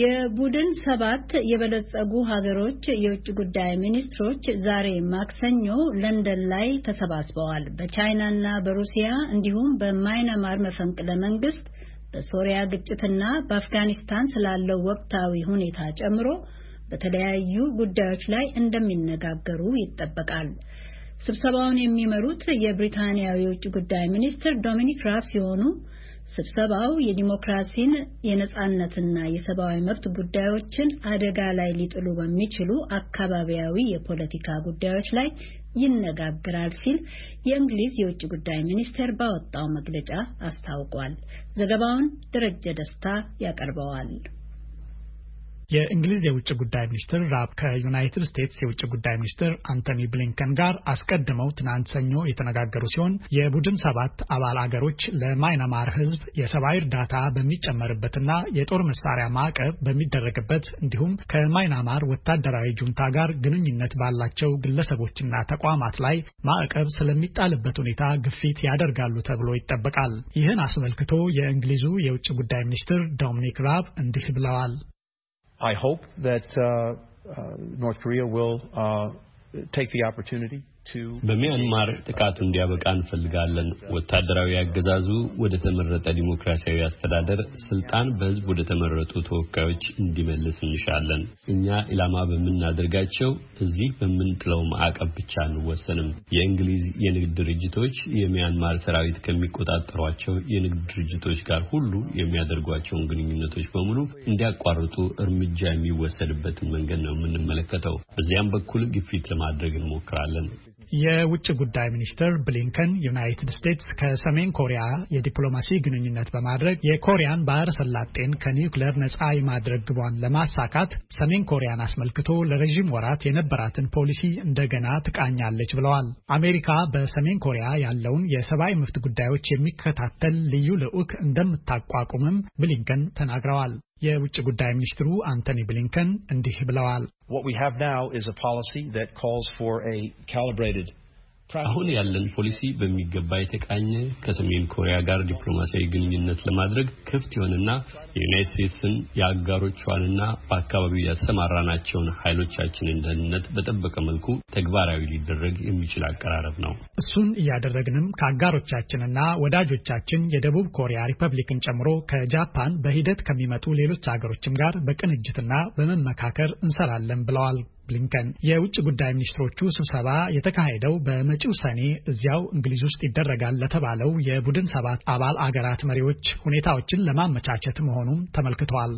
የቡድን ሰባት የበለጸጉ ሀገሮች የውጭ ጉዳይ ሚኒስትሮች ዛሬ ማክሰኞ ለንደን ላይ ተሰባስበዋል። በቻይናና በሩሲያ እንዲሁም በማይነማር መፈንቅለ መንግስት፣ በሶሪያ ግጭትና በአፍጋኒስታን ስላለው ወቅታዊ ሁኔታ ጨምሮ በተለያዩ ጉዳዮች ላይ እንደሚነጋገሩ ይጠበቃል። ስብሰባውን የሚመሩት የብሪታንያው የውጭ ጉዳይ ሚኒስትር ዶሚኒክ ራፍ ሲሆኑ ስብሰባው የዲሞክራሲን የነጻነትና የሰብአዊ መብት ጉዳዮችን አደጋ ላይ ሊጥሉ በሚችሉ አካባቢያዊ የፖለቲካ ጉዳዮች ላይ ይነጋግራል ሲል የእንግሊዝ የውጭ ጉዳይ ሚኒስቴር ባወጣው መግለጫ አስታውቋል። ዘገባውን ደረጀ ደስታ ያቀርበዋል። የእንግሊዝ የውጭ ጉዳይ ሚኒስትር ራብ ከዩናይትድ ስቴትስ የውጭ ጉዳይ ሚኒስትር አንቶኒ ብሊንከን ጋር አስቀድመው ትናንት ሰኞ የተነጋገሩ ሲሆን የቡድን ሰባት አባል አገሮች ለማይናማር ሕዝብ የሰብአዊ እርዳታ በሚጨመርበትና የጦር መሳሪያ ማዕቀብ በሚደረግበት እንዲሁም ከማይናማር ወታደራዊ ጁንታ ጋር ግንኙነት ባላቸው ግለሰቦችና ተቋማት ላይ ማዕቀብ ስለሚጣልበት ሁኔታ ግፊት ያደርጋሉ ተብሎ ይጠበቃል። ይህን አስመልክቶ የእንግሊዙ የውጭ ጉዳይ ሚኒስትር ዶሚኒክ ራብ እንዲህ ብለዋል። I hope that uh, uh, North Korea will uh, take the opportunity በሚያንማር ጥቃቱ እንዲያበቃ እንፈልጋለን። ወታደራዊ አገዛዙ ወደ ተመረጠ ዲሞክራሲያዊ አስተዳደር ስልጣን በህዝብ ወደ ተመረጡ ተወካዮች እንዲመልስ እንሻለን። እኛ ኢላማ በምናደርጋቸው እዚህ በምንጥለው ማዕቀብ ብቻ አንወሰንም። የእንግሊዝ የንግድ ድርጅቶች የሚያንማር ሰራዊት ከሚቆጣጠሯቸው የንግድ ድርጅቶች ጋር ሁሉ የሚያደርጓቸውን ግንኙነቶች በሙሉ እንዲያቋርጡ እርምጃ የሚወሰድበትን መንገድ ነው የምንመለከተው። በዚያም በኩል ግፊት ለማድረግ እንሞክራለን። የውጭ ጉዳይ ሚኒስትር ብሊንከን ዩናይትድ ስቴትስ ከሰሜን ኮሪያ የዲፕሎማሲ ግንኙነት በማድረግ የኮሪያን ባህረ ሰላጤን ከኒውክሌር ነፃ የማድረግ ግቧን ለማሳካት ሰሜን ኮሪያን አስመልክቶ ለረዥም ወራት የነበራትን ፖሊሲ እንደገና ትቃኛለች ብለዋል። አሜሪካ በሰሜን ኮሪያ ያለውን የሰብአዊ መብት ጉዳዮች የሚከታተል ልዩ ልዑክ እንደምታቋቁምም ብሊንከን ተናግረዋል። የውጭ ጉዳይ ሚኒስትሩ አንቶኒ ብሊንከን እንዲህ ብለዋል። What we have now is a policy that calls for a calibrated አሁን ያለን ፖሊሲ በሚገባ የተቃኘ ከሰሜን ኮሪያ ጋር ዲፕሎማሲያዊ ግንኙነት ለማድረግ ክፍት የሆነና የዩናይት ስቴትስን የአጋሮቿንና በአካባቢው ያሰማራናቸውን ኃይሎቻችንን ደህንነት በጠበቀ መልኩ ተግባራዊ ሊደረግ የሚችል አቀራረብ ነው። እሱን እያደረግንም ከአጋሮቻችንና ወዳጆቻችን የደቡብ ኮሪያ ሪፐብሊክን ጨምሮ ከጃፓን በሂደት ከሚመጡ ሌሎች ሀገሮችም ጋር በቅንጅትና በመመካከር እንሰራለን ብለዋል። ብሊንከን። የውጭ ጉዳይ ሚኒስትሮቹ ስብሰባ የተካሄደው በመጪው ሰኔ እዚያው እንግሊዝ ውስጥ ይደረጋል ለተባለው የቡድን ሰባት አባል አገራት መሪዎች ሁኔታዎችን ለማመቻቸት መሆኑም ተመልክተዋል።